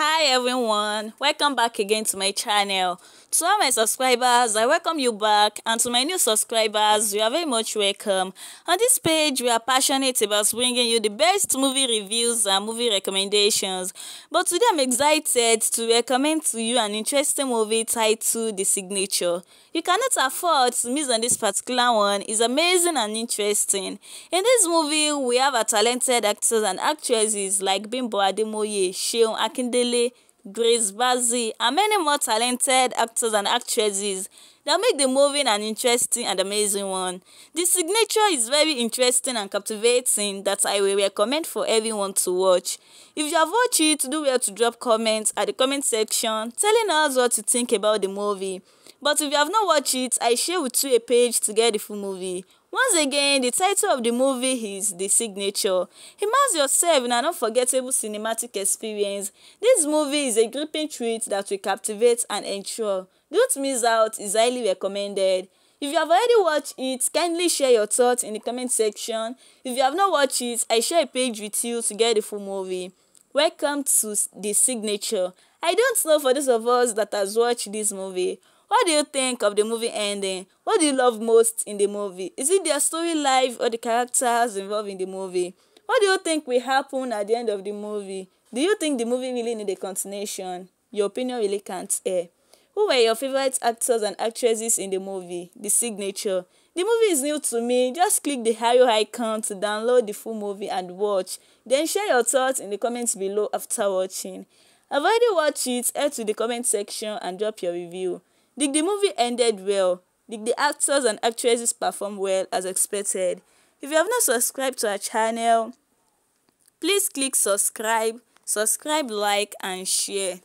hi everyone welcome back again to my channel to all my subscribers i welcome you back and to my new subscribers you are very much welcome on this page we are passionate about bringing you the best movie reviews and movie recommendations but today i'm excited to recommend to you an interesting movie titled the signature you cannot afford to miss on this particular one it's amazing and interesting in this movie we have a talented actors and actresses like bimbo ademoye sheon akindele Ogunlele, Grace Bassey and many more talented actors and actresses that make the movie an interesting and amazing one. The signature is very interesting and captivating that I will recommend for everyone to watch. If you have watched it, do well to drop comments at the comment section telling us what you think about the movie. But if you have not watched it, I share with you a page to get the full movie. Once again, the title of the movie is The Signature. Immerse yourself in an unforgettable cinematic experience. This movie is a gripping treat that will captivate and ensure. Don't miss out is highly recommended. If you have already watched it, kindly share your thoughts in the comment section. If you have not watched it, I share a page with you to get the full movie. Welcome to The Signature. I don't know for those of us that has watched this movie. What do you think of the movie ending? What do you love most in the movie? Is it their story life or the characters involved in the movie? What do you think will happen at the end of the movie? Do you think the movie really need a continuation? Your opinion really can't air. Who were your favorite actors and actresses in the movie? The signature. The movie is new to me. Just click the arrow icon to download the full movie and watch. Then share your thoughts in the comments below after watching. I've already watched it. Head to the comment section and drop your review. The, the movie ended well. The, the actors and actresses performed well as expected. If you have not subscribed to our channel, please click subscribe, subscribe, like, and share.